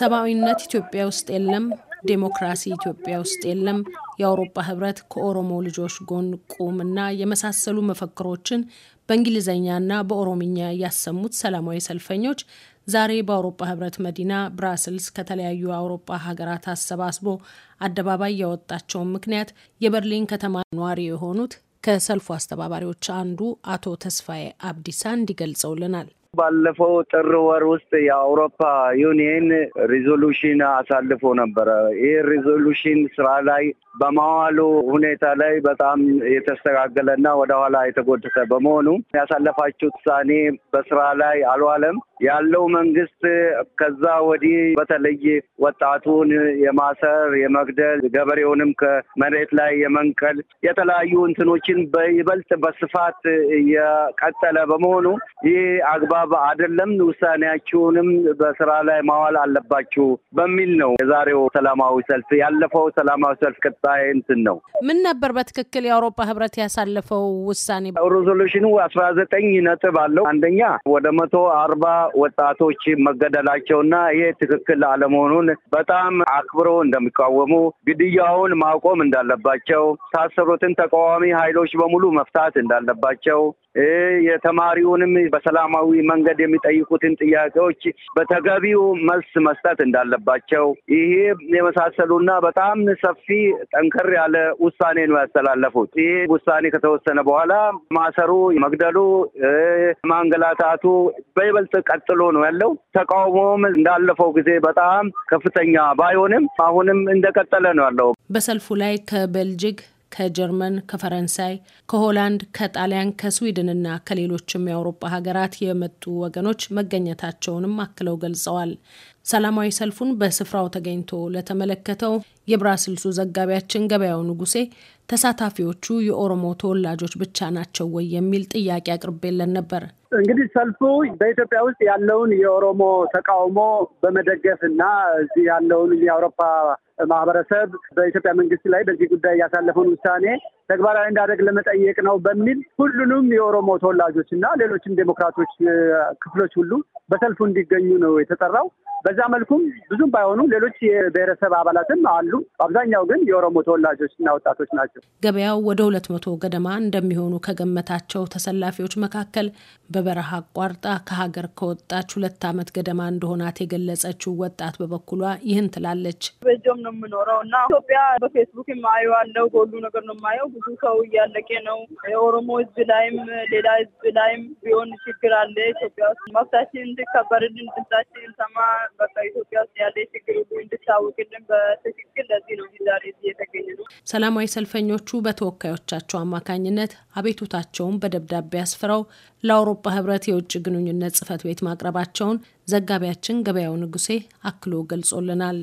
ሰብአዊነት ኢትዮጵያ ውስጥ የለም። ዴሞክራሲ ኢትዮጵያ ውስጥ የለም። የአውሮፓ ህብረት ከኦሮሞ ልጆች ጎን ቁምና የመሳሰሉ መፈክሮችን በእንግሊዝኛና በኦሮምኛ ያሰሙት ሰላማዊ ሰልፈኞች ዛሬ በአውሮፓ ህብረት መዲና ብራስልስ ከተለያዩ አውሮፓ ሀገራት አሰባስቦ አደባባይ ያወጣቸውን ምክንያት የበርሊን ከተማ ነዋሪ የሆኑት ከሰልፉ አስተባባሪዎች አንዱ አቶ ተስፋዬ አብዲሳ እንዲገልጸውልናል። ባለፈው ጥር ወር ውስጥ የአውሮፓ ዩኒየን ሪዞሉሽን አሳልፎ ነበረ። ይህ ሪዞሉሽን ስራ ላይ በማዋሉ ሁኔታ ላይ በጣም የተስተጋገለና ወደኋላ የተጎደሰ በመሆኑ ያሳለፋችሁት ውሳኔ በስራ ላይ አልዋለም። ያለው መንግስት ከዛ ወዲህ በተለይ ወጣቱን የማሰር የመግደል፣ ገበሬውንም ከመሬት ላይ የመንቀል የተለያዩ እንትኖችን በይበልጥ በስፋት እየቀጠለ በመሆኑ ይህ አግባ አግባብ አይደለም፣ ውሳኔያችሁንም በስራ ላይ ማዋል አለባችሁ በሚል ነው የዛሬው ሰላማዊ ሰልፍ። ያለፈው ሰላማዊ ሰልፍ ቀጣይ እንትን ነው። ምን ነበር በትክክል የአውሮፓ ህብረት ያሳለፈው ውሳኔ? ሬዞሉሽኑ አስራ ዘጠኝ ነጥብ አለው። አንደኛ ወደ መቶ አርባ ወጣቶች መገደላቸውና ይሄ ትክክል አለመሆኑን በጣም አክብሮ እንደሚቃወሙ፣ ግድያውን ማቆም እንዳለባቸው፣ ታሰሩትን ተቃዋሚ ኃይሎች በሙሉ መፍታት እንዳለባቸው የተማሪውንም በሰላማዊ መንገድ የሚጠይቁትን ጥያቄዎች በተገቢው መልስ መስጠት እንዳለባቸው ይሄ የመሳሰሉና በጣም ሰፊ ጠንከር ያለ ውሳኔ ነው ያስተላለፉት። ይሄ ውሳኔ ከተወሰነ በኋላ ማሰሩ፣ መግደሉ፣ ማንገላታቱ በይበልጥ ቀጥሎ ነው ያለው። ተቃውሞም እንዳለፈው ጊዜ በጣም ከፍተኛ ባይሆንም አሁንም እንደቀጠለ ነው ያለው። በሰልፉ ላይ ከበልጅግ ከጀርመን፣ ከፈረንሳይ፣ ከሆላንድ፣ ከጣሊያን፣ ከስዊድንና ከሌሎችም የአውሮፓ ሀገራት የመጡ ወገኖች መገኘታቸውንም አክለው ገልጸዋል። ሰላማዊ ሰልፉን በስፍራው ተገኝቶ ለተመለከተው የብራስልሱ ዘጋቢያችን ገበያው ንጉሴ ተሳታፊዎቹ የኦሮሞ ተወላጆች ብቻ ናቸው ወይ የሚል ጥያቄ አቅርቤለን ነበር። እንግዲህ ሰልፉ በኢትዮጵያ ውስጥ ያለውን የኦሮሞ ተቃውሞ በመደገፍ እና እዚህ ያለውን የአውሮፓ ማህበረሰብ በኢትዮጵያ መንግስት ላይ በዚህ ጉዳይ ያሳለፈውን ውሳኔ ተግባራዊ እንዳደረግ ለመጠየቅ ነው በሚል ሁሉንም የኦሮሞ ተወላጆች እና ሌሎችም ዴሞክራቶች ክፍሎች ሁሉ በሰልፉ እንዲገኙ ነው የተጠራው። በዛ መልኩም ብዙም ባይሆኑ ሌሎች የብሔረሰብ አባላትም አሉ። በአብዛኛው ግን የኦሮሞ ተወላጆች እና ወጣቶች ናቸው። ገበያው ወደ ሁለት መቶ ገደማ እንደሚሆኑ ከገመታቸው ተሰላፊዎች መካከል በበረሃ አቋርጣ ከሀገር ከወጣች ሁለት ዓመት ገደማ እንደሆናት የገለጸችው ወጣት በበኩሏ ይህን ትላለች። በጆም ነው የምኖረው እና ኢትዮጵያ በፌስቡክ የማየዋለው በሁሉ ነገር ነው የማየው ብዙ ሰው እያለቀ ነው። የኦሮሞ ህዝብ ላይም ሌላ ህዝብ ላይም ቢሆን ችግር አለ ኢትዮጵያ ውስጥ መብታችን እንድከበርልን ድምጻችን ሰማ በቃ ኢትዮጵያ ውስጥ ያለ ችግር ሁሉ እንድታወቅልን በትክክል ለዚህ ነው ዛሬ የተገኘ ነው። ሰላማዊ ሰልፈኞቹ በተወካዮቻቸው አማካኝነት አቤቱታቸውን በደብዳቤ አስፍረው ለአውሮፓ ህብረት የውጭ ግንኙነት ጽህፈት ቤት ማቅረባቸውን ዘጋቢያችን ገበያው ንጉሴ አክሎ ገልጾልናል።